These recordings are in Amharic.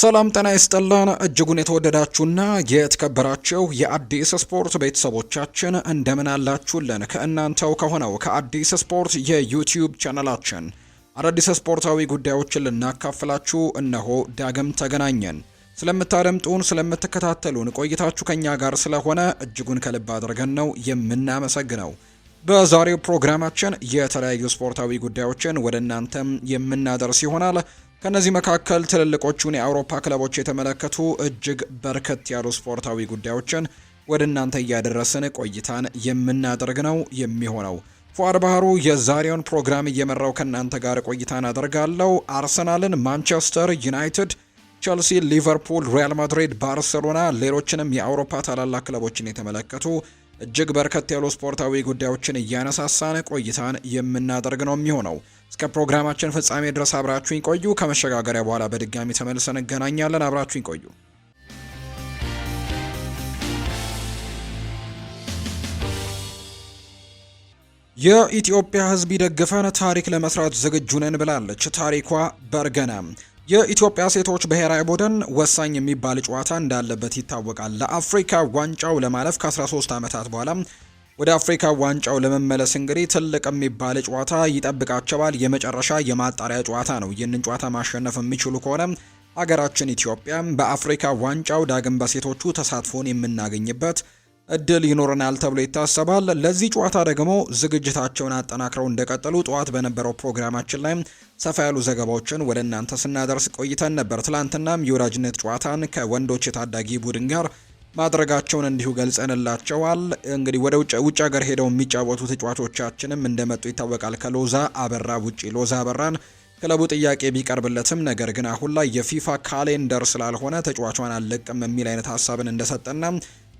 ሰላም ጤና ይስጥልን እጅጉን የተወደዳችሁና የተከበራችሁ የአዲስ ስፖርት ቤተሰቦቻችን እንደምን አላችሁልን? ከእናንተው ከሆነው ከአዲስ ስፖርት የዩቲዩብ ቻናላችን አዳዲስ ስፖርታዊ ጉዳዮችን ልናካፍላችሁ እነሆ ዳግም ተገናኘን። ስለምታደምጡን፣ ስለምትከታተሉን ቆይታችሁ ከእኛ ጋር ስለሆነ እጅጉን ከልብ አድርገን ነው የምናመሰግነው። በዛሬው ፕሮግራማችን የተለያዩ ስፖርታዊ ጉዳዮችን ወደ እናንተም የምናደርስ ይሆናል። ከእነዚህ መካከል ትልልቆቹን የአውሮፓ ክለቦች የተመለከቱ እጅግ በርከት ያሉ ስፖርታዊ ጉዳዮችን ወደ እናንተ እያደረስን ቆይታን የምናደርግ ነው የሚሆነው። ፏር ባህሩ የዛሬውን ፕሮግራም እየመራው ከእናንተ ጋር ቆይታን አደርጋለሁ። አርሰናልን፣ ማንቸስተር ዩናይትድ፣ ቸልሲ፣ ሊቨርፑል፣ ሪያል ማድሪድ፣ ባርሴሎና ሌሎችንም የአውሮፓ ታላላቅ ክለቦችን የተመለከቱ እጅግ በርከት ያሉ ስፖርታዊ ጉዳዮችን እያነሳሳን ቆይታን የምናደርግ ነው የሚሆነው። እስከ ፕሮግራማችን ፍጻሜ ድረስ አብራችሁኝ ቆዩ። ከመሸጋገሪያ በኋላ በድጋሚ ተመልሰን እንገናኛለን። አብራችሁኝ ቆዩ። የኢትዮጵያ ሕዝብ ይደግፈን ታሪክ ለመስራት ዝግጁ ነን ብላለች ታሪኳ በርገና። የኢትዮጵያ ሴቶች ብሔራዊ ቡድን ወሳኝ የሚባል ጨዋታ እንዳለበት ይታወቃል። ለአፍሪካ ዋንጫው ለማለፍ ከ13 ዓመታት በኋላ ወደ አፍሪካ ዋንጫው ለመመለስ እንግዲህ ትልቅ የሚባል ጨዋታ ይጠብቃቸዋል። የመጨረሻ የማጣሪያ ጨዋታ ነው። ይህንን ጨዋታ ማሸነፍ የሚችሉ ከሆነ ሀገራችን ኢትዮጵያ በአፍሪካ ዋንጫው ዳግም በሴቶቹ ተሳትፎን የምናገኝበት እድል ይኖረናል ተብሎ ይታሰባል። ለዚህ ጨዋታ ደግሞ ዝግጅታቸውን አጠናክረው እንደቀጠሉ ጠዋት በነበረው ፕሮግራማችን ላይ ሰፋ ያሉ ዘገባዎችን ወደ እናንተ ስናደርስ ቆይተን ነበር። ትላንትናም የወዳጅነት ጨዋታን ከወንዶች የታዳጊ ቡድን ጋር ማድረጋቸውን እንዲሁ ገልጸንላቸዋል። እንግዲህ ወደ ውጭ ሀገር ሄደው የሚጫወቱ ተጫዋቾቻችንም እንደመጡ ይታወቃል። ከሎዛ አበራ ውጪ ሎዛ አበራን ክለቡ ጥያቄ ቢቀርብለትም ነገር ግን አሁን ላይ የፊፋ ካሌንደር ስላልሆነ ተጫዋቿን አልለቅም የሚል አይነት ሀሳብን እንደሰጠና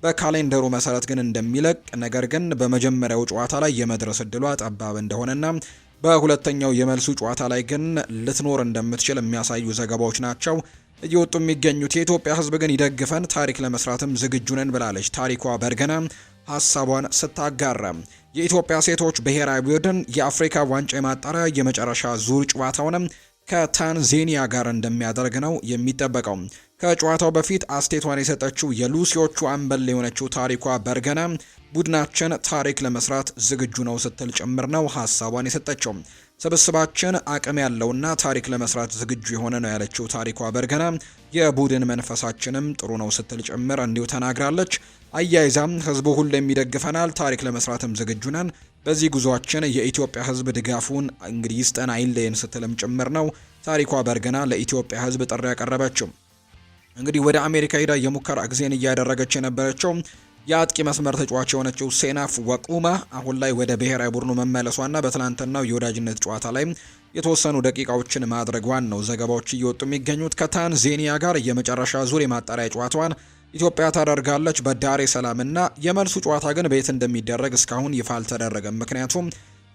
በካሌንደሩ መሰረት ግን እንደሚለቅ ነገር ግን በመጀመሪያው ጨዋታ ላይ የመድረስ እድሏ ጠባብ እንደሆነና በሁለተኛው የመልሱ ጨዋታ ላይ ግን ልትኖር እንደምትችል የሚያሳዩ ዘገባዎች ናቸው እየወጡ የሚገኙት። የኢትዮጵያ ሕዝብ ግን ይደግፈን፣ ታሪክ ለመስራትም ዝግጁ ነን ብላለች ታሪኳ በርገና ሀሳቧን ስታጋራ። የኢትዮጵያ ሴቶች ብሔራዊ ቡድን የአፍሪካ ዋንጫ የማጣሪያ የመጨረሻ ዙር ጨዋታውንም ከታንዜኒያ ጋር እንደሚያደርግ ነው የሚጠበቀው። ከጨዋታው በፊት አስቴቷን የሰጠችው የሉሲዎቹ አምበል የሆነችው ታሪኳ በርገና ቡድናችን ታሪክ ለመስራት ዝግጁ ነው ስትል ጭምር ነው ሀሳቧን የሰጠችው። ስብስባችን አቅም ያለውና ታሪክ ለመስራት ዝግጁ የሆነ ነው ያለችው ታሪኳ በርገና የቡድን መንፈሳችንም ጥሩ ነው ስትል ጭምር እንዲሁ ተናግራለች። አያይዛም ህዝቡ ሁሌም ይደግፈናል፣ ታሪክ ለመስራትም ዝግጁ ነን። በዚህ ጉዟችን የኢትዮጵያ ህዝብ ድጋፉን እንግዲህ ይስጠን አይለየን ስትልም ጭምር ነው ታሪኳ በርገና ለኢትዮጵያ ህዝብ ጥሪ ያቀረበችው። እንግዲህ ወደ አሜሪካ ሄዳ የሙከራ ጊዜን እያደረገች የነበረችው የአጥቂ መስመር ተጫዋች የሆነችው ሴናፍ ወቁማ አሁን ላይ ወደ ብሔራዊ ቡድኑ መመለሷና በትላንትናው የወዳጅነት ጨዋታ ላይ የተወሰኑ ደቂቃዎችን ማድረጓን ነው ዘገባዎች እየወጡ የሚገኙት። ከታንዜኒያ ጋር የመጨረሻ ዙር የማጣሪያ ጨዋታዋን ኢትዮጵያ ታደርጋለች በዳሬ ሰላምና የመልሱ ጨዋታ ግን በየት እንደሚደረግ እስካሁን ይፋ አልተደረገም። ምክንያቱም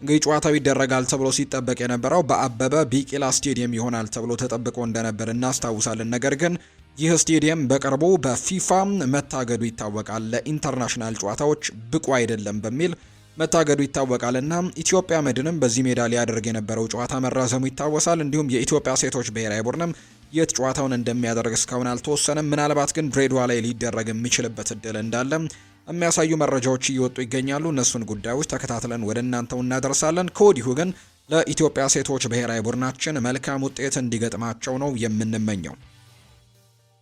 እንግዲህ ጨዋታው ይደረጋል ተብሎ ሲጠበቅ የነበረው በአበበ ቢቂላ ስቴዲየም ይሆናል ተብሎ ተጠብቆ እንደነበር እናስታውሳለን። ነገር ግን ይህ ስቴዲየም በቅርቡ በፊፋ መታገዱ ይታወቃል። ለኢንተርናሽናል ጨዋታዎች ብቁ አይደለም በሚል መታገዱ ይታወቃል እና ኢትዮጵያ መድንም በዚህ ሜዳ ሊያደርግ የነበረው ጨዋታ መራዘሙ ይታወሳል። እንዲሁም የኢትዮጵያ ሴቶች ብሔራዊ ቡድንም የት ጨዋታውን እንደሚያደርግ እስካሁን አልተወሰነም። ምናልባት ግን ድሬዳዋ ላይ ሊደረግ የሚችልበት እድል እንዳለ የሚያሳዩ መረጃዎች እየወጡ ይገኛሉ። እነሱን ጉዳዮች ተከታትለን ወደ እናንተው እናደርሳለን። ከወዲሁ ግን ለኢትዮጵያ ሴቶች ብሔራዊ ቡድናችን መልካም ውጤት እንዲገጥማቸው ነው የምንመኘው።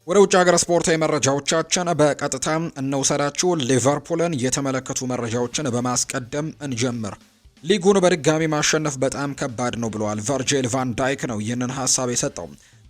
ወደ ውጭ ሀገር ስፖርታዊ መረጃዎቻችን በቀጥታ እንውሰዳችሁ። ሊቨርፑልን የተመለከቱ መረጃዎችን በማስቀደም እንጀምር። ሊጉን በድጋሚ ማሸነፍ በጣም ከባድ ነው ብለዋል። ቨርጂል ቫን ዳይክ ነው ይህንን ሀሳብ የሰጠው።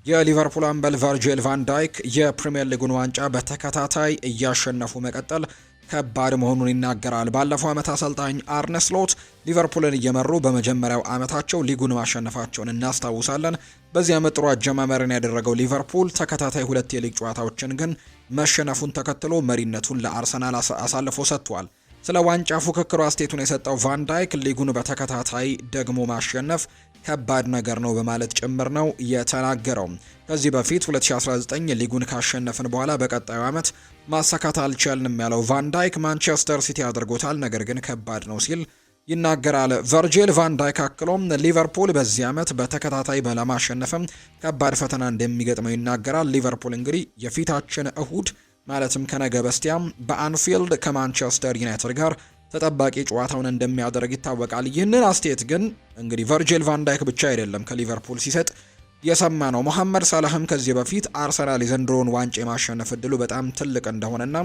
የሊቨርፑል አምበል ቨርጂል ቫን ዳይክ የፕሪምየር ሊጉን ዋንጫ በተከታታይ እያሸነፉ መቀጠል ከባድ መሆኑን ይናገራል። ባለፈው ዓመት አሰልጣኝ አርነ ስሎት ሊቨርፑልን እየመሩ በመጀመሪያው ዓመታቸው ሊጉን ማሸነፋቸውን እናስታውሳለን። በዚህ ዓመት ጥሩ አጀማመርን ያደረገው ሊቨርፑል ተከታታይ ሁለት የሊግ ጨዋታዎችን ግን መሸነፉን ተከትሎ መሪነቱን ለአርሰናል አሳልፎ ሰጥቷል። ስለ ዋንጫ ፉክክሩ አስቴቱን የሰጠው ቫንዳይክ ሊጉን በተከታታይ ደግሞ ማሸነፍ ከባድ ነገር ነው በማለት ጭምር ነው የተናገረው። ከዚህ በፊት 2019 ሊጉን ካሸነፍን በኋላ በቀጣዩ ዓመት ማሳካት አልቻልንም ያለው ቫንዳይክ ማንቸስተር ሲቲ አድርጎታል፣ ነገር ግን ከባድ ነው ሲል ይናገራል። ቨርጂል ቫንዳይክ አክሎም ሊቨርፑል በዚህ ዓመት በተከታታይ በለማሸነፍም ከባድ ፈተና እንደሚገጥመው ይናገራል። ሊቨርፑል እንግዲህ የፊታችን እሁድ ማለትም ከነገ በስቲያም በአንፊልድ ከማንቸስተር ዩናይትድ ጋር ተጠባቂ ጨዋታውን እንደሚያደርግ ይታወቃል። ይህንን አስተያየት ግን እንግዲህ ቨርጂል ቫንዳይክ ብቻ አይደለም ከሊቨርፑል ሲሰጥ የሰማ ነው። መሐመድ ሳላህም ከዚህ በፊት አርሰናል የዘንድሮውን ዋንጫ የማሸነፍ እድሉ በጣም ትልቅ እንደሆነና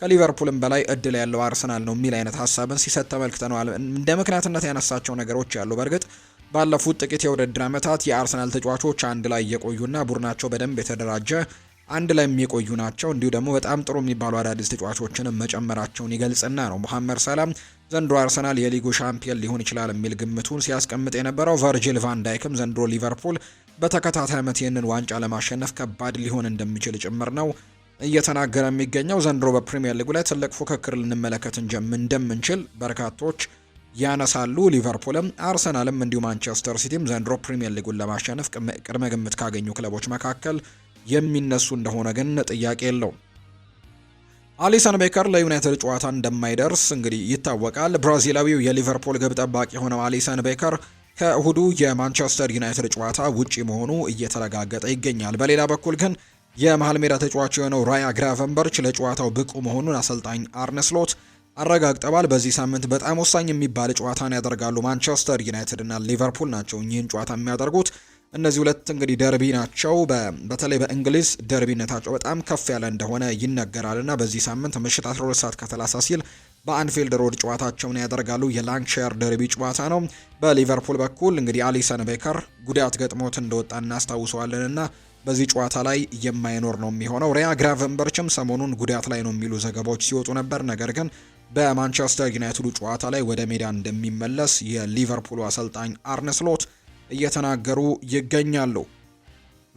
ከሊቨርፑልም በላይ እድል ያለው አርሰናል ነው የሚል አይነት ሀሳብን ሲሰጥ ተመልክተነዋል። እንደ ምክንያትነት ያነሳቸው ነገሮች ያሉ በእርግጥ ባለፉት ጥቂት የውድድር ዓመታት የአርሰናል ተጫዋቾች አንድ ላይ የቆዩና ቡድናቸው በደንብ የተደራጀ አንድ ላይ የሚቆዩ ናቸው። እንዲሁ ደግሞ በጣም ጥሩ የሚባሉ አዳዲስ ተጫዋቾችንም መጨመራቸውን ይገልጽና ነው መሐመድ ሰላም ዘንድሮ አርሰናል የሊጉ ሻምፒየን ሊሆን ይችላል የሚል ግምቱን ሲያስቀምጥ የነበረው። ቨርጂል ቫንዳይክም ዘንድሮ ሊቨርፑል በተከታታይ ዓመት ይህንን ዋንጫ ለማሸነፍ ከባድ ሊሆን እንደሚችል ጭምር ነው እየተናገረ የሚገኘው። ዘንድሮ በፕሪምየር ሊጉ ላይ ትልቅ ፉክክር ልንመለከት እንደምንችል በርካቶች ያነሳሉ። ሊቨርፑልም አርሰናልም እንዲሁ ማንቸስተር ሲቲም ዘንድሮ ፕሪምየር ሊጉን ለማሸነፍ ቅድመ ግምት ካገኙ ክለቦች መካከል የሚነሱ እንደሆነ ግን ጥያቄ የለውም። አሊሰን ቤከር ለዩናይትድ ጨዋታ እንደማይደርስ እንግዲህ ይታወቃል። ብራዚላዊው የሊቨርፑል ግብ ጠባቂ የሆነው አሊሰን ቤከር ከእሁዱ የማንቸስተር ዩናይትድ ጨዋታ ውጪ መሆኑ እየተረጋገጠ ይገኛል። በሌላ በኩል ግን የመሀል ሜዳ ተጫዋች የሆነው ራያ ግራቨንበርች ለጨዋታው ብቁ መሆኑን አሰልጣኝ አርነስሎት ስሎት አረጋግጠዋል። በዚህ ሳምንት በጣም ወሳኝ የሚባል ጨዋታን ያደርጋሉ። ማንቸስተር ዩናይትድ እና ሊቨርፑል ናቸው እኚህን ጨዋታ የሚያደርጉት። እነዚህ ሁለት እንግዲህ ደርቢ ናቸው። በተለይ በእንግሊዝ ደርቢነታቸው በጣም ከፍ ያለ እንደሆነ ይነገራል እና በዚህ ሳምንት ምሽት 12 ሰዓት ከ30 ሲል በአንፊልድ ሮድ ጨዋታቸውን ያደርጋሉ። የላንክሻየር ደርቢ ጨዋታ ነው። በሊቨርፑል በኩል እንግዲህ አሊሰን ቤከር ጉዳት ገጥሞት እንደወጣ እናስታውሰዋለን እና በዚህ ጨዋታ ላይ የማይኖር ነው የሚሆነው። ሪያ ግራቨንበርችም ሰሞኑን ጉዳት ላይ ነው የሚሉ ዘገባዎች ሲወጡ ነበር። ነገር ግን በማንቸስተር ዩናይትዱ ጨዋታ ላይ ወደ ሜዳ እንደሚመለስ የሊቨርፑሉ አሰልጣኝ አርነስሎት ሎት። እየተናገሩ ይገኛሉ።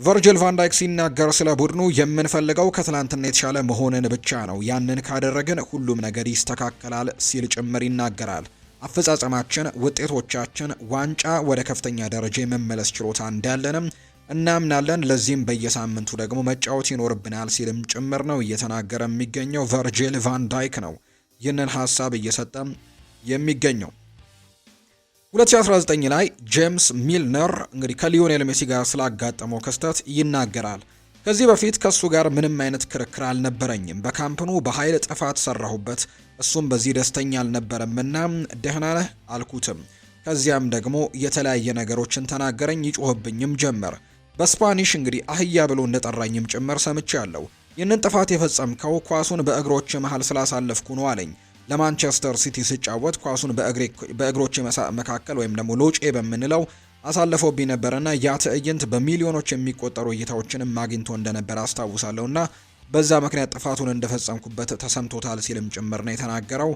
ቨርጅል ቫንዳይክ ሲናገር ስለ ቡድኑ የምንፈልገው ከትላንትና የተሻለ መሆንን ብቻ ነው። ያንን ካደረግን ሁሉም ነገር ይስተካከላል ሲል ጭምር ይናገራል። አፈጻጸማችን፣ ውጤቶቻችን፣ ዋንጫ ወደ ከፍተኛ ደረጃ የመመለስ ችሎታ እንዳለንም እናምናለን። ለዚህም በየሳምንቱ ደግሞ መጫወት ይኖርብናል ሲልም ጭምር ነው እየተናገረ የሚገኘው ቨርጅል ቫንዳይክ ነው ይህንን ሀሳብ እየሰጠ የሚገኘው። 2019 ላይ ጄምስ ሚልነር እንግዲህ ከሊዮኔል ሜሲ ጋር ስላጋጠመው ክስተት ይናገራል። ከዚህ በፊት ከእሱ ጋር ምንም አይነት ክርክር አልነበረኝም። በካምፕኑ በኃይል ጥፋት ሰራሁበት፣ እሱም በዚህ ደስተኛ አልነበረምና ደህና ነህ አልኩትም። ከዚያም ደግሞ የተለያየ ነገሮችን ተናገረኝ፣ ይጮህብኝም ጀመር። በስፓኒሽ እንግዲህ አህያ ብሎ እንደጠራኝም ጭምር ሰምቻለሁ። ይህንን ጥፋት የፈጸምከው ኳሱን በእግሮች መሃል ስላሳለፍኩ ነው አለኝ። ለማንቸስተር ሲቲ ሲጫወት ኳሱን በእግሮች መካከል ወይም ደግሞ ሎጬ በምንለው አሳልፎብኝ ነበርና ያ ትዕይንት በሚሊዮኖች የሚቆጠሩ እይታዎችንም ማግኝቶ እንደነበር አስታውሳለሁና በዛ ምክንያት ጥፋቱን እንደፈጸምኩበት ተሰምቶታል ሲልም ጭምር ነው የተናገረው።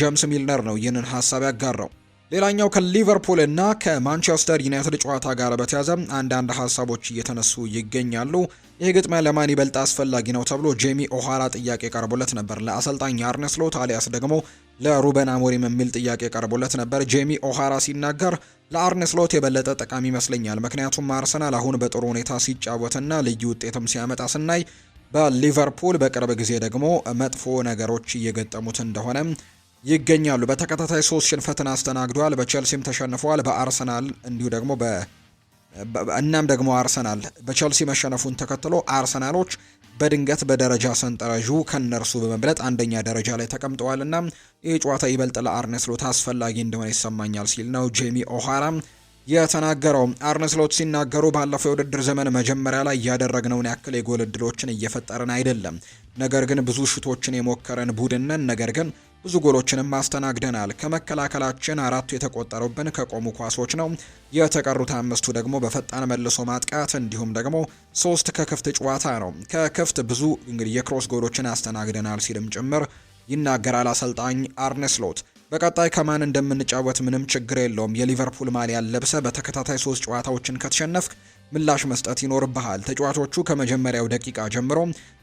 ጀምስ ሚልነር ነው ይህንን ሀሳብ ያጋራው። ሌላኛው ከሊቨርፑል እና ከማንቸስተር ዩናይትድ ጨዋታ ጋር በተያዘ አንዳንድ ሀሳቦች እየተነሱ ይገኛሉ። ይህ ግጥሚያ ለማን ይበልጥ አስፈላጊ ነው ተብሎ ጄሚ ኦሃራ ጥያቄ ቀርቦለት ነበር። ለአሰልጣኝ አርነ ስሎት አሊያስ ደግሞ ለሩበን አሞሪም የሚል ጥያቄ ቀርቦለት ነበር። ጄሚ ኦሃራ ሲናገር ለአርነ ስሎት የበለጠ ጠቃሚ ይመስለኛል፣ ምክንያቱም አርሰናል አሁን በጥሩ ሁኔታ ሲጫወትና ልዩ ውጤትም ሲያመጣ ስናይ በሊቨርፑል በቅርብ ጊዜ ደግሞ መጥፎ ነገሮች እየገጠሙት እንደሆነ ይገኛሉ። በተከታታይ ሶስት ሽንፈትን አስተናግዷል። በቼልሲም ተሸንፏል። በአርሰናል እንዲሁ ደግሞ በ እናም ደግሞ አርሰናል በቼልሲ መሸነፉን ተከትሎ አርሰናሎች በድንገት በደረጃ ሰንጠረዡ ከነርሱ በመብለጥ አንደኛ ደረጃ ላይ ተቀምጠዋልና ይህ ጨዋታ ይበልጥ ለአርነስሎት አስፈላጊ እንደሆነ ይሰማኛል ሲል ነው ጄሚ ኦሃራ የተናገረው። አርነስሎት ሲናገሩ ባለፈው የውድድር ዘመን መጀመሪያ ላይ እያደረግነውን ያክል የጎል እድሎችን አይደለም፣ ነገር ግን ብዙ ሽቶችን የሞከረን ቡድን ነን። ነገር ግን ብዙ ጎሎችንም አስተናግደናል። ከመከላከላችን አራቱ የተቆጠሩብን ከቆሙ ኳሶች ነው። የተቀሩት አምስቱ ደግሞ በፈጣን መልሶ ማጥቃት እንዲሁም ደግሞ ሶስት ከክፍት ጨዋታ ነው። ከክፍት ብዙ እንግዲህ የክሮስ ጎሎችን አስተናግደናል ሲልም ጭምር ይናገራል አሰልጣኝ አርነስሎት። በቀጣይ ከማን እንደምንጫወት ምንም ችግር የለውም። የሊቨርፑል ማሊያን ለብሰ በተከታታይ ሶስት ጨዋታዎችን ከተሸነፍክ ምላሽ መስጠት ይኖርብሃል። ተጫዋቾቹ ከመጀመሪያው ደቂቃ ጀምሮ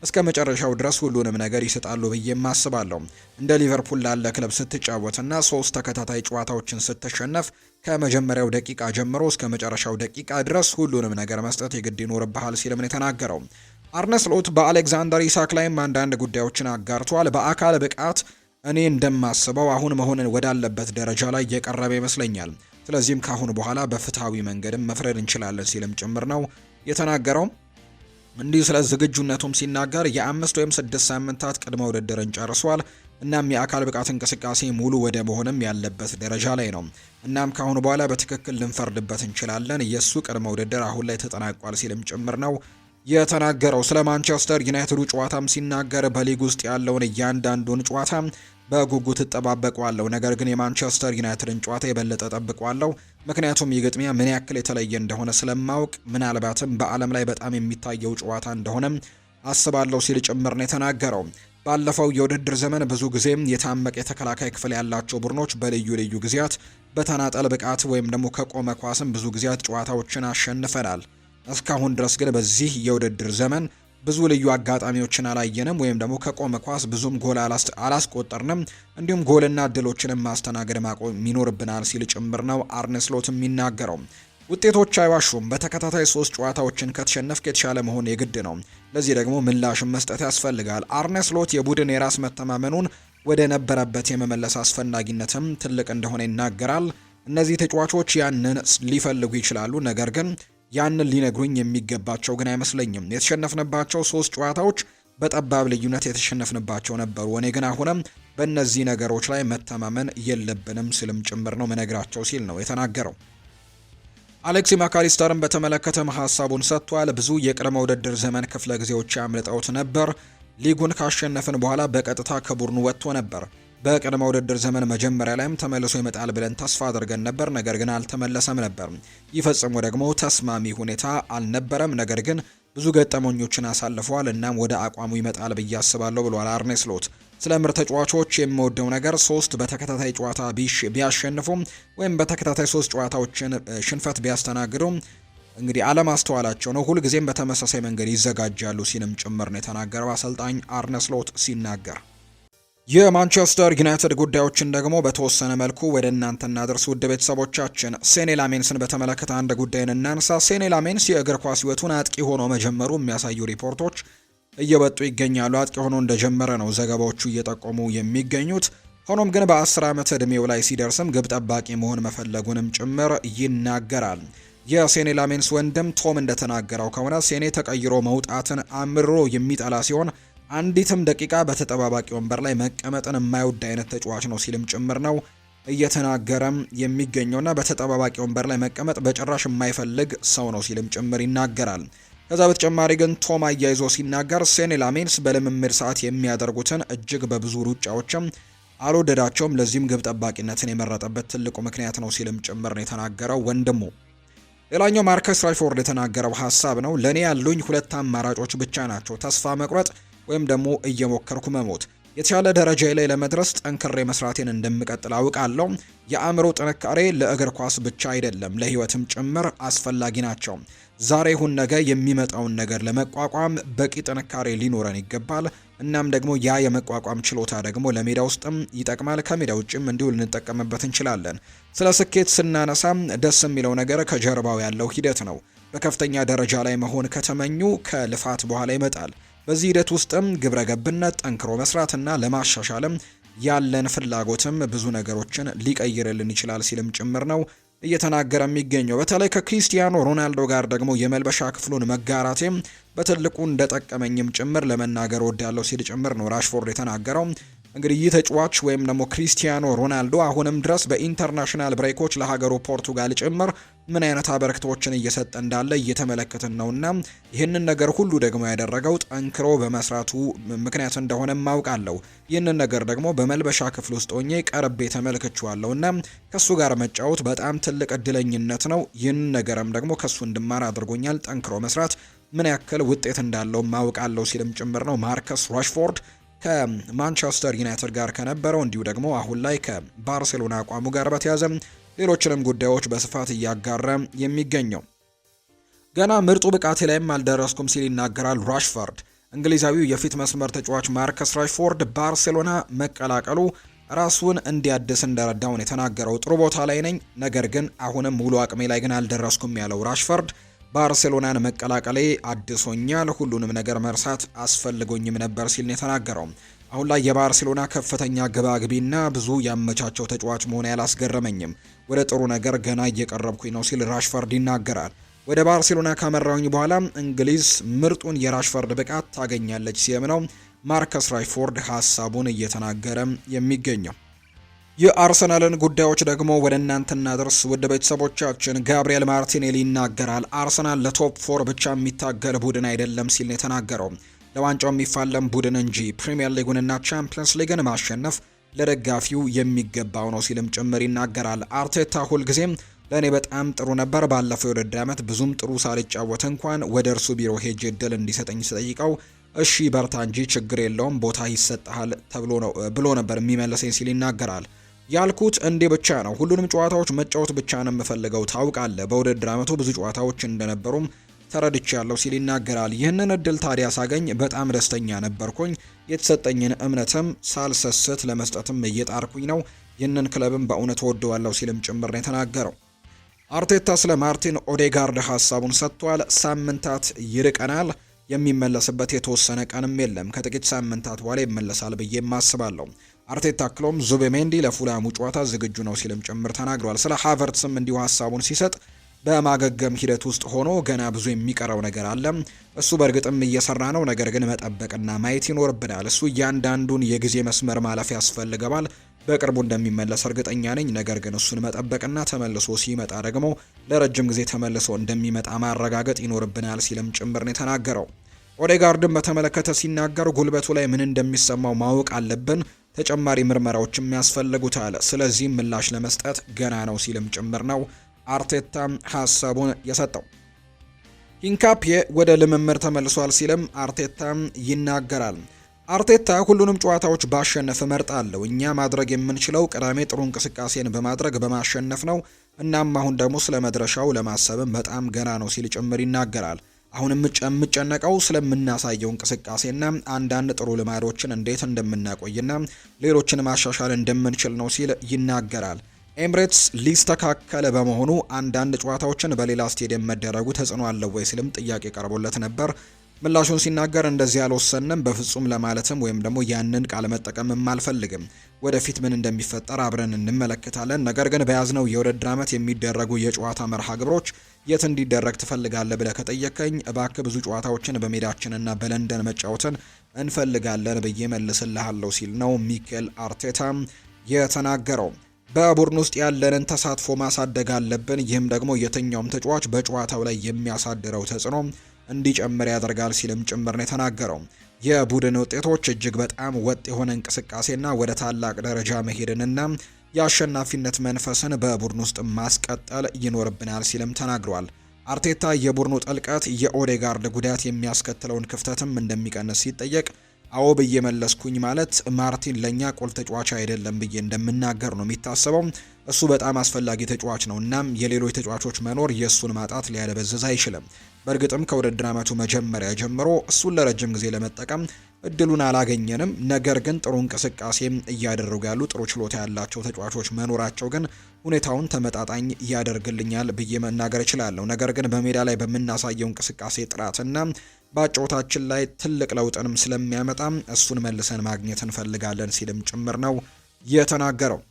እስከ መጨረሻው ድረስ ሁሉንም ነገር ይሰጣሉ ብዬም አስባለሁ። እንደ ሊቨርፑል ላለ ክለብ ስትጫወትና ሶስት ተከታታይ ጨዋታዎችን ስትሸነፍ ከመጀመሪያው ደቂቃ ጀምሮ እስከ መጨረሻው ደቂቃ ድረስ ሁሉንም ነገር መስጠት የግድ ይኖርብሃል ሲልም ነው የተናገረው። አርነ ስሎት በአሌክዛንደር ኢሳክ ላይም አንዳንድ ጉዳዮችን አጋርቷል። በአካል ብቃት እኔ እንደማስበው አሁን መሆን ወዳለበት ደረጃ ላይ የቀረበ ይመስለኛል። ስለዚህም ካሁን በኋላ በፍትሐዊ መንገድም መፍረድ እንችላለን ሲልም ጭምር ነው የተናገረው። እንዲህ ስለ ዝግጁነቱም ሲናገር የአምስት ወይም ስድስት ሳምንታት ቅድመ ውድድርን ጨርሷል። እናም የአካል ብቃት እንቅስቃሴ ሙሉ ወደ መሆንም ያለበት ደረጃ ላይ ነው። እናም ካሁን በኋላ በትክክል ልንፈርድበት እንችላለን። የእሱ ቅድመ ውድድር አሁን ላይ ተጠናቋል ሲልም ጭምር ነው የተናገረው። ስለ ማንቸስተር ዩናይትዱ ጨዋታም ሲናገር በሊግ ውስጥ ያለውን እያንዳንዱን ጨዋታ በጉጉት እጠባበቋለሁ። ነገር ግን የማንቸስተር ዩናይትድን ጨዋታ የበለጠ ጠብቋለሁ፣ ምክንያቱም ይህ ግጥሚያ ምን ያክል የተለየ እንደሆነ ስለማውቅ ምናልባትም በዓለም ላይ በጣም የሚታየው ጨዋታ እንደሆነም አስባለሁ ሲል ጭምር ነው የተናገረው። ባለፈው የውድድር ዘመን ብዙ ጊዜ የታመቀ የተከላካይ ክፍል ያላቸው ቡድኖች በልዩ ልዩ ጊዜያት በተናጠል ብቃት ወይም ደግሞ ከቆመ ኳስም ብዙ ጊዜያት ጨዋታዎችን አሸንፈናል። እስካሁን ድረስ ግን በዚህ የውድድር ዘመን ብዙ ልዩ አጋጣሚዎችን አላየንም ወይም ደግሞ ከቆመ ኳስ ብዙም ጎል አላስቆጠርንም፣ እንዲሁም ጎልና እድሎችንም ማስተናገድ ማቆም ይኖርብናል ሲል ጭምር ነው አርነስሎት የሚናገረው። ውጤቶች አይዋሹም። በተከታታይ ሶስት ጨዋታዎችን ከተሸነፍክ የተሻለ መሆን የግድ ነው። ለዚህ ደግሞ ምላሽን መስጠት ያስፈልጋል። አርነስሎት የቡድን የራስ መተማመኑን ወደ ነበረበት የመመለስ አስፈላጊነትም ትልቅ እንደሆነ ይናገራል። እነዚህ ተጫዋቾች ያንን ሊፈልጉ ይችላሉ፣ ነገር ግን ያንን ሊነግሩኝ የሚገባቸው ግን አይመስለኝም። የተሸነፍንባቸው ሶስት ጨዋታዎች በጠባብ ልዩነት የተሸነፍንባቸው ነበሩ። እኔ ግን አሁንም በእነዚህ ነገሮች ላይ መተማመን የለብንም ስልም ጭምር ነው መነግራቸው ሲል ነው የተናገረው። አሌክሲ ማካሊስተርን በተመለከተም ሀሳቡን ሰጥቷል። ብዙ የቅድመ ውድድር ዘመን ክፍለ ጊዜዎች ያምልጠውት ነበር። ሊጉን ካሸነፍን በኋላ በቀጥታ ከቡድኑ ወጥቶ ነበር። በቅድመ ውድድር ዘመን መጀመሪያ ላይም ተመልሶ ይመጣል ብለን ተስፋ አድርገን ነበር፣ ነገር ግን አልተመለሰም ነበር። ይፈጽሙ ደግሞ ተስማሚ ሁኔታ አልነበረም። ነገር ግን ብዙ ገጠመኞችን አሳልፈዋል። እናም ወደ አቋሙ ይመጣል ብዬ አስባለሁ ብሏል አርኔ ስሎት። ስለ ምርጥ ተጫዋቾች የምወደው ነገር ሶስት በተከታታይ ጨዋታ ቢያሸንፉም ወይም በተከታታይ ሶስት ጨዋታዎችን ሽንፈት ቢያስተናግዱም እንግዲህ አለማስተዋላቸው ነው። ሁልጊዜም በተመሳሳይ መንገድ ይዘጋጃሉ ሲልም ጭምር ነው የተናገረው አሰልጣኝ አርነስሎት ሲናገር የማንቸስተር ዩናይትድ ጉዳዮችን ደግሞ በተወሰነ መልኩ ወደ እናንተ እናደርስ። ውድ ቤተሰቦቻችን ሴኔ ላሜንስን በተመለከተ አንድ ጉዳይን እናንሳ። ሴኔ ላሜንስ የእግር ኳስ ሕይወቱን አጥቂ ሆኖ መጀመሩ የሚያሳዩ ሪፖርቶች እየወጡ ይገኛሉ። አጥቂ ሆኖ እንደጀመረ ነው ዘገባዎቹ እየጠቆሙ የሚገኙት። ሆኖም ግን በ10 ዓመት ዕድሜው ላይ ሲደርስም ግብ ጠባቂ መሆን መፈለጉንም ጭምር ይናገራል። የሴኔ ላሜንስ ወንድም ቶም እንደተናገረው ከሆነ ሴኔ ተቀይሮ መውጣትን አምሮ የሚጠላ ሲሆን አንዲትም ደቂቃ በተጠባባቂ ወንበር ላይ መቀመጥን የማይወድ አይነት ተጫዋች ነው ሲልም ጭምር ነው እየተናገረም የሚገኘውና በተጠባባቂ ወንበር ላይ መቀመጥ በጭራሽ የማይፈልግ ሰው ነው ሲልም ጭምር ይናገራል። ከዛ በተጨማሪ ግን ቶም አያይዞ ሲናገር ሴኔ ላሜንስ በልምምድ ሰዓት የሚያደርጉትን እጅግ በብዙ ሩጫዎችም አልወደዳቸውም። ለዚህም ግብ ጠባቂነትን የመረጠበት ትልቁ ምክንያት ነው ሲልም ጭምር ነው የተናገረው ወንድሙ። ሌላኛው ማርከስ ራሽፎርድ የተናገረው ሀሳብ ነው። ለእኔ ያሉኝ ሁለት አማራጮች ብቻ ናቸው፣ ተስፋ መቁረጥ ወይም ደግሞ እየሞከርኩ መሞት የተሻለ ደረጃ ላይ ለመድረስ ጠንክሬ መስራቴን እንደምቀጥል አውቃለሁ። የአእምሮ ጥንካሬ ለእግር ኳስ ብቻ አይደለም፣ ለህይወትም ጭምር አስፈላጊ ናቸው። ዛሬ ሁን ነገ የሚመጣውን ነገር ለመቋቋም በቂ ጥንካሬ ሊኖረን ይገባል። እናም ደግሞ ያ የመቋቋም ችሎታ ደግሞ ለሜዳ ውስጥም ይጠቅማል፣ ከሜዳ ውጭም እንዲሁ ልንጠቀምበት እንችላለን። ስለ ስኬት ስናነሳ ደስ የሚለው ነገር ከጀርባው ያለው ሂደት ነው። በከፍተኛ ደረጃ ላይ መሆን ከተመኙ ከልፋት በኋላ ይመጣል። በዚህ ሂደት ውስጥም ግብረ ገብነት፣ ጠንክሮ መስራትና ለማሻሻልም ያለን ፍላጎትም ብዙ ነገሮችን ሊቀይርልን ይችላል ሲልም ጭምር ነው እየተናገረ የሚገኘው። በተለይ ከክሪስቲያኖ ሮናልዶ ጋር ደግሞ የመልበሻ ክፍሉን መጋራቴም በትልቁ እንደጠቀመኝም ጭምር ለመናገር ወዳለው ሲል ጭምር ነው ራሽፎርድ የተናገረው። እንግዲህ ይህ ተጫዋች ወይም ደግሞ ክሪስቲያኖ ሮናልዶ አሁንም ድረስ በኢንተርናሽናል ብሬኮች ለሀገሩ ፖርቱጋል ጭምር ምን አይነት አበረክቶችን እየሰጠ እንዳለ እየተመለከትን ነውና ይህንን ነገር ሁሉ ደግሞ ያደረገው ጠንክሮ በመስራቱ ምክንያት እንደሆነ ማውቃለሁ። ይህንን ነገር ደግሞ በመልበሻ ክፍል ውስጥ ሆኜ ቀርቤ ተመልክቼዋለሁና ከሱ ጋር መጫወት በጣም ትልቅ እድለኝነት ነው። ይህን ነገርም ደግሞ ከሱ እንድማር አድርጎኛል። ጠንክሮ መስራት ምን ያክል ውጤት እንዳለው ማውቃለሁ ሲልም ጭምር ነው ማርከስ ራሽፎርድ ከማንቸስተር ዩናይትድ ጋር ከነበረው እንዲሁ ደግሞ አሁን ላይ ከባርሴሎና አቋሙ ጋር በተያዘ ሌሎችንም ጉዳዮች በስፋት እያጋረ የሚገኘው ገና ምርጡ ብቃቴ ላይም አልደረስኩም ሲል ይናገራል ራሽፎርድ። እንግሊዛዊው የፊት መስመር ተጫዋች ማርከስ ራሽፎርድ ባርሴሎና መቀላቀሉ ራሱን እንዲያድስ እንደረዳውን የተናገረው ጥሩ ቦታ ላይ ነኝ፣ ነገር ግን አሁንም ሙሉ አቅሜ ላይ ግን አልደረስኩም ያለው ራሽፎርድ ባርሴሎናን መቀላቀሌ አድሶኛል፣ ሁሉንም ነገር መርሳት አስፈልጎኝም ነበር ሲል ነው የተናገረው። አሁን ላይ የባርሴሎና ከፍተኛ ግባግቢና ብዙ ያመቻቸው ተጫዋች መሆን ያላስገረመኝም፣ ወደ ጥሩ ነገር ገና እየቀረብኩኝ ነው ሲል ራሽፈርድ ይናገራል። ወደ ባርሴሎና ካመራውኝ በኋላ እንግሊዝ ምርጡን የራሽፈርድ ብቃት ታገኛለች ሲልም ነው ማርከስ ራሽፎርድ ሀሳቡን እየተናገረ የሚገኘው። የአርሰናልን ጉዳዮች ደግሞ ወደ እናንተ እናድርስ፣ ውድ ቤተሰቦቻችን። ጋብርኤል ማርቲኔሊ ይናገራል። አርሰናል ለቶፕ ፎር ብቻ የሚታገል ቡድን አይደለም ሲል ነው የተናገረው። ለዋንጫው የሚፋለም ቡድን እንጂ ፕሪምየር ሊጉንና ቻምፒየንስ ሊግን ማሸነፍ ለደጋፊው የሚገባው ነው ሲልም ጭምር ይናገራል። አርቴታ ሁልጊዜም ለእኔ በጣም ጥሩ ነበር። ባለፈው የውድድር ዓመት ብዙም ጥሩ ሳልጫወት እንኳን ወደ እርሱ ቢሮ ሄጄ እድል እንዲሰጠኝ ስጠይቀው እሺ በርታ እንጂ ችግር የለውም ቦታ ይሰጠሃል ተብሎ ነው ብሎ ነበር የሚመለሰኝ ሲል ይናገራል። ያልኩት እንዴ ብቻ ነው። ሁሉንም ጨዋታዎች መጫወት ብቻ ነው የምፈልገው። ታውቃለህ፣ በውድድር አመቱ ብዙ ጨዋታዎች እንደነበሩም ያለው ሲል ይናገራል። ይህንን እድል ታዲያ ሳገኝ በጣም ደስተኛ ነበርኩኝ። የተሰጠኝን እምነትም ሳልሰስት ለመስጠትም እየጣርኩኝ ነው። ይህንን ክለብም በእውነት ወደዋለሁ ሲልም ጭምር ነው የተናገረው። አርቴታ ስለ ማርቲን ኦዴጋርድ ሀሳቡን ሰጥቷል። ሳምንታት ይርቀናል፣ የሚመለስበት የተወሰነ ቀንም የለም። ከጥቂት ሳምንታት በኋላ ይመለሳል ብዬ አስባለሁ። አርቴታ አክሎም ዙቤሜንዲ ለፉላሙ ጨዋታ ዝግጁ ነው ሲልም ጭምር ተናግሯል። ስለ ሃቨርትስም እንዲሁ ሀሳቡን ሲሰጥ በማገገም ሂደት ውስጥ ሆኖ ገና ብዙ የሚቀረው ነገር አለ። እሱ በእርግጥም እየሰራ ነው፣ ነገር ግን መጠበቅና ማየት ይኖርብናል። እሱ እያንዳንዱን የጊዜ መስመር ማለፍ ያስፈልገዋል። በቅርቡ እንደሚመለስ እርግጠኛ ነኝ። ነገር ግን እሱን መጠበቅና ተመልሶ ሲመጣ ደግሞ ለረጅም ጊዜ ተመልሶ እንደሚመጣ ማረጋገጥ ይኖርብናል ሲልም ጭምር ነው የተናገረው። ኦዴጋርድን በተመለከተ ሲናገር ጉልበቱ ላይ ምን እንደሚሰማው ማወቅ አለብን ተጨማሪ ምርመራዎችም ያስፈልጉታል። ስለዚህም ምላሽ ለመስጠት ገና ነው ሲልም ጭምር ነው አርቴታ ሀሳቡን የሰጠው። ሂንካፔ ወደ ልምምር ተመልሷል ሲልም አርቴታ ይናገራል። አርቴታ ሁሉንም ጨዋታዎች ባሸነፍ እመርጣለሁ። እኛ ማድረግ የምንችለው ቅዳሜ ጥሩ እንቅስቃሴን በማድረግ በማሸነፍ ነው። እናም አሁን ደግሞ ስለ መድረሻው ለማሰብም በጣም ገና ነው ሲል ጭምር ይናገራል። አሁን የምጨነቀው ስለምናሳየው እንቅስቃሴና አንዳንድ ጥሩ ልማዶችን እንዴት እንደምናቆይና ሌሎችን ማሻሻል እንደምንችል ነው ሲል ይናገራል። ኤምሬትስ ሊስተካከለ በመሆኑ አንዳንድ ጨዋታዎችን በሌላ ስቴዲየም መደረጉ ተጽዕኖ አለው ወይ ሲልም ጥያቄ ቀርቦለት ነበር። ምላሹን ሲናገር እንደዚህ አልወሰንም በፍጹም ለማለትም ወይም ደግሞ ያንን ቃለ መጠቀምም አልፈልግም። ወደፊት ምን እንደሚፈጠር አብረን እንመለከታለን። ነገር ግን በያዝነው የውድድር ዓመት የሚደረጉ የጨዋታ መርሃ ግብሮች የት እንዲደረግ ትፈልጋለህ ብለህ ከጠየቀኝ እባክህ ብዙ ጨዋታዎችን በሜዳችንና በለንደን መጫወትን እንፈልጋለን ብዬ መልስልሃለሁ ሲል ነው ሚኬል አርቴታ የተናገረው። በቡድን ውስጥ ያለንን ተሳትፎ ማሳደግ አለብን። ይህም ደግሞ የትኛውም ተጫዋች በጨዋታው ላይ የሚያሳድረው ተጽዕኖ እንዲጨምር ያደርጋል ሲልም ጭምር ነው የተናገረው። የቡድን ውጤቶች እጅግ በጣም ወጥ የሆነ እንቅስቃሴና ወደ ታላቅ ደረጃ መሄድንና የአሸናፊነት መንፈስን በቡድን ውስጥ ማስቀጠል ይኖርብናል ሲልም ተናግሯል። አርቴታ የቡድኑ ጥልቀት የኦዴጋርድ ጉዳት የሚያስከትለውን ክፍተትም እንደሚቀንስ ሲጠየቅ አዎ ብዬ መለስኩኝ ማለት ማርቲን ለእኛ ቁልፍ ተጫዋች አይደለም ብዬ እንደምናገር ነው የሚታሰበው። እሱ በጣም አስፈላጊ ተጫዋች ነው። እናም የሌሎች ተጫዋቾች መኖር የእሱን ማጣት ሊያደበዝዝ አይችልም። በእርግጥም ከውድድር ዓመቱ መጀመሪያ ጀምሮ እሱን ለረጅም ጊዜ ለመጠቀም እድሉን አላገኘንም። ነገር ግን ጥሩ እንቅስቃሴም እያደረጉ ያሉ ጥሩ ችሎታ ያላቸው ተጫዋቾች መኖራቸው ግን ሁኔታውን ተመጣጣኝ ያደርግልኛል ብዬ መናገር እችላለሁ። ነገር ግን በሜዳ ላይ በምናሳየው እንቅስቃሴ ጥራትና በጨዋታችን ላይ ትልቅ ለውጥንም ስለሚያመጣም እሱን መልሰን ማግኘት እንፈልጋለን ሲልም ጭምር ነው የተናገረው።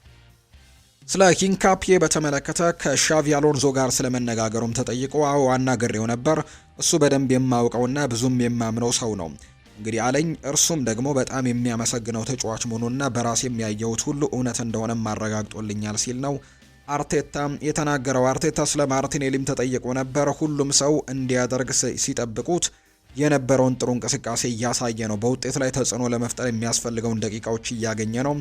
ስለ ኪንካፒ በተመለከተ ከሻቪ አሎንዞ ጋር ስለመነጋገሩም ተጠይቆ አዎ አናግሬው ነበር። እሱ በደንብ የማውቀውና ብዙም የማምነው ሰው ነው እንግዲህ አለኝ። እርሱም ደግሞ በጣም የሚያመሰግነው ተጫዋች መሆኑና በራሴ የሚያየሁት ሁሉ እውነት እንደሆነ ማረጋግጦልኛል ሲል ነው አርቴታ የተናገረው። አርቴታ ስለ ማርቲኔሊም ተጠይቆ ነበር። ሁሉም ሰው እንዲያደርግ ሲጠብቁት የነበረውን ጥሩ እንቅስቃሴ እያሳየ ነው። በውጤት ላይ ተጽዕኖ ለመፍጠር የሚያስፈልገውን ደቂቃዎች እያገኘ ነው።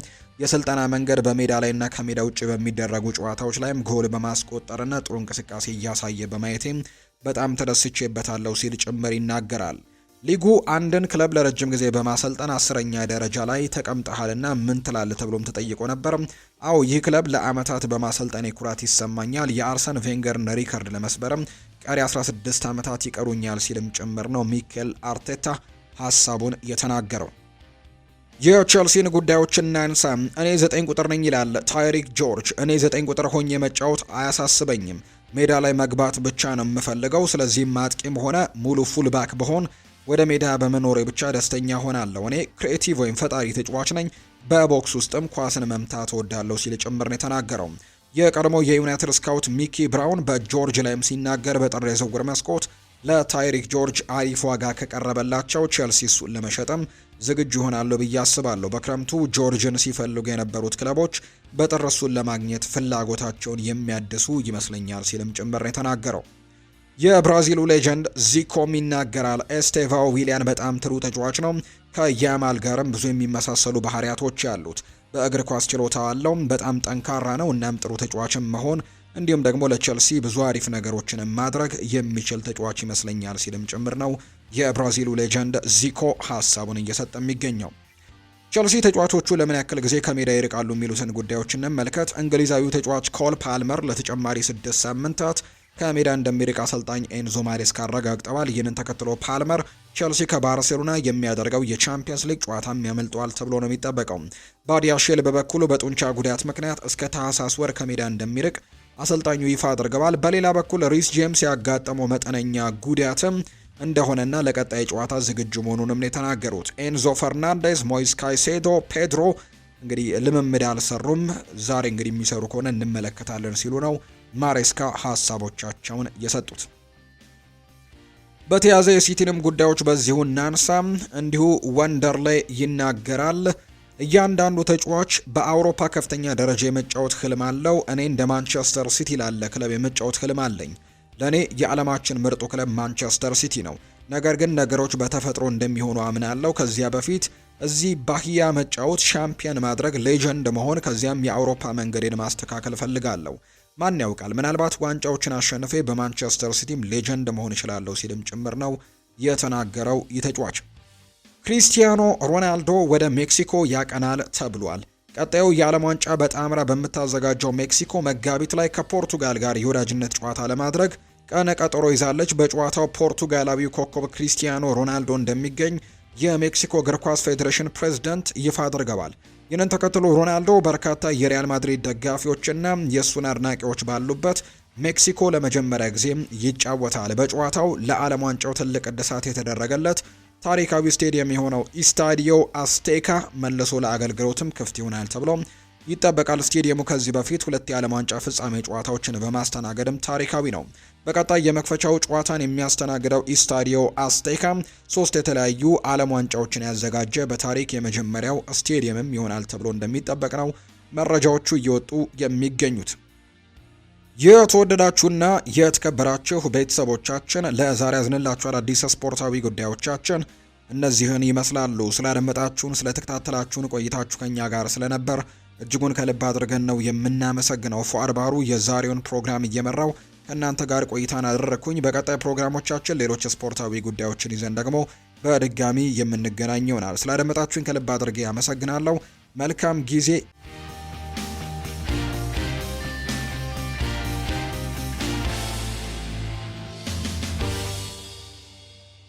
የስልጠና መንገድ በሜዳ ላይና ከሜዳ ውጭ በሚደረጉ ጨዋታዎች ላይም ጎል በማስቆጠርና ጥሩ እንቅስቃሴ እያሳየ በማየቴም በጣም ተደስቼበታለሁ ሲል ጭምር ይናገራል። ሊጉ አንድን ክለብ ለረጅም ጊዜ በማሰልጠን አስረኛ ደረጃ ላይ ተቀምጠሃልና ምን ትላል ተብሎም ተጠይቆ ነበር። አዎ ይህ ክለብ ለአመታት በማሰልጠኔ ኩራት ይሰማኛል። የአርሰን ቬንገርን ሪከርድ ለመስበርም ቀሪ 16 ዓመታት ይቀሩኛል ሲልም ጭምር ነው ሚኬል አርቴታ ሀሳቡን የተናገረው። የቼልሲን ጉዳዮች እናንሳ። እኔ ዘጠኝ ቁጥር ነኝ ይላል ታይሪክ ጆርጅ። እኔ ዘጠኝ ቁጥር ሆኜ መጫወት አያሳስበኝም ሜዳ ላይ መግባት ብቻ ነው የምፈልገው። ስለዚህም አጥቂም ሆነ ሙሉ ፉልባክ በሆን ወደ ሜዳ በመኖሬ ብቻ ደስተኛ ሆናለሁ። እኔ ክሬቲቭ ወይም ፈጣሪ ተጫዋች ነኝ። በቦክስ ውስጥም ኳስን መምታት እወዳለሁ ሲል ጭምር ነው የተናገረው። የቀድሞ የዩናይትድ ስካውት ሚኪ ብራውን በጆርጅ ላይም ሲናገር በጥር የዝውውር መስኮት ለታይሪክ ጆርጅ አሪፍ ዋጋ ከቀረበላቸው ቼልሲ እሱን ለመሸጥም ዝግጁ ይሆናሉ ብዬ አስባለሁ። በክረምቱ ጆርጅን ሲፈልጉ የነበሩት ክለቦች በጥር እሱን ለማግኘት ፍላጎታቸውን የሚያድሱ ይመስለኛል ሲልም ጭምር ነው የተናገረው። የብራዚሉ ሌጀንድ ዚኮም ይናገራል። ኤስቴቫው ዊሊያን በጣም ጥሩ ተጫዋች ነው። ከያማል ጋርም ብዙ የሚመሳሰሉ ባህሪያቶች ያሉት በእግር ኳስ ችሎታ አለው። በጣም ጠንካራ ነው። እናም ጥሩ ተጫዋችም መሆን እንዲሁም ደግሞ ለቸልሲ ብዙ አሪፍ ነገሮችን ማድረግ የሚችል ተጫዋች ይመስለኛል ሲልም ጭምር ነው የብራዚሉ ሌጀንድ ዚኮ ሀሳቡን እየሰጠ የሚገኘው። ቸልሲ ተጫዋቾቹ ለምን ያክል ጊዜ ከሜዳ ይርቃሉ የሚሉትን ጉዳዮች እንመልከት። እንግሊዛዊው ተጫዋች ኮል ፓልመር ለተጨማሪ ስድስት ሳምንታት ከሜዳ እንደሚርቅ አሰልጣኝ ኤንዞ ማሬስካ አረጋግጠዋል። ይህንን ተከትሎ ፓልመር ቼልሲ ከባርሴሎና የሚያደርገው የቻምፒየንስ ሊግ ጨዋታም ያመልጠዋል ተብሎ ነው የሚጠበቀው። ባዲያሼል በበኩሉ በጡንቻ ጉዳት ምክንያት እስከ ታህሳስ ወር ከሜዳ እንደሚርቅ አሰልጣኙ ይፋ አድርገዋል። በሌላ በኩል ሪስ ጄምስ ያጋጠመው መጠነኛ ጉዳትም እንደሆነና ለቀጣይ ጨዋታ ዝግጁ መሆኑንም የተናገሩት ኤንዞ ፈርናንዴዝ፣ ሞይስ ካይሴዶ፣ ፔድሮ እንግዲህ ልምምድ አልሰሩም። ዛሬ እንግዲህ የሚሰሩ ከሆነ እንመለከታለን ሲሉ ነው ማሬስካ ሀሳቦቻቸውን የሰጡት። በተያዘ የሲቲንም ጉዳዮች በዚሁ እናንሳ። እንዲሁ ወንደር ላይ ይናገራል። እያንዳንዱ ተጫዋች በአውሮፓ ከፍተኛ ደረጃ የመጫወት ህልም አለው። እኔ እንደ ማንቸስተር ሲቲ ላለ ክለብ የመጫወት ህልም አለኝ። ለእኔ የዓለማችን ምርጡ ክለብ ማንቸስተር ሲቲ ነው። ነገር ግን ነገሮች በተፈጥሮ እንደሚሆኑ አምናለሁ። ከዚያ በፊት እዚህ ባህያ መጫወት፣ ሻምፒየን ማድረግ፣ ሌጀንድ መሆን፣ ከዚያም የአውሮፓ መንገዴን ማስተካከል እፈልጋለሁ። ማን ያውቃል ምናልባት ዋንጫዎችን አሸንፌ በማንቸስተር ሲቲም ሌጀንድ መሆን እችላለሁ ሲልም ጭምር ነው የተናገረው። ይተጫዋች ክሪስቲያኖ ሮናልዶ ወደ ሜክሲኮ ያቀናል ተብሏል። ቀጣዩ የዓለም ዋንጫ በጣምራ በምታዘጋጀው ሜክሲኮ መጋቢት ላይ ከፖርቱጋል ጋር የወዳጅነት ጨዋታ ለማድረግ ቀነ ቀጠሮ ይዛለች። በጨዋታው ፖርቱጋላዊው ኮከብ ክሪስቲያኖ ሮናልዶ እንደሚገኝ የሜክሲኮ እግር ኳስ ፌዴሬሽን ፕሬዝዳንት ይፋ አድርገዋል። ይህንን ተከትሎ ሮናልዶ በርካታ የሪያል ማድሪድ ደጋፊዎችና የእሱን አድናቂዎች ባሉበት ሜክሲኮ ለመጀመሪያ ጊዜም ይጫወታል። በጨዋታው ለዓለም ዋንጫው ትልቅ እድሳት የተደረገለት ታሪካዊ ስቴዲየም የሆነው ኢስታዲዮ አስቴካ መልሶ ለአገልግሎትም ክፍት ይሆናል ተብሎ ይጠበቃል። ስቴዲየሙ ከዚህ በፊት ሁለት የዓለም ዋንጫ ፍጻሜ ጨዋታዎችን በማስተናገድም ታሪካዊ ነው። በቀጣይ የመክፈቻው ጨዋታን የሚያስተናግደው ኢስታዲዮ አስቴካ ሶስት የተለያዩ ዓለም ዋንጫዎችን ያዘጋጀ በታሪክ የመጀመሪያው ስቴዲየምም ይሆናል ተብሎ እንደሚጠበቅ ነው መረጃዎቹ እየወጡ የሚገኙት። የተወደዳችሁና የተከበራችሁ ቤተሰቦቻችን ለዛሬ ያዝንላችሁ አዳዲስ ስፖርታዊ ጉዳዮቻችን እነዚህን ይመስላሉ። ስላደመጣችሁን፣ ስለተከታተላችሁን ቆይታችሁ ከኛ ጋር ስለነበር እጅጉን ከልብ አድርገን ነው የምናመሰግነው። ፉአድ ባሩ የዛሬውን ፕሮግራም እየመራው ከእናንተ ጋር ቆይታን አደረግኩኝ። በቀጣይ ፕሮግራሞቻችን ሌሎች ስፖርታዊ ጉዳዮችን ይዘን ደግሞ በድጋሚ የምንገናኝ ይሆናል። ስላደመጣችሁኝ ከልብ አድርጌ አመሰግናለሁ። መልካም ጊዜ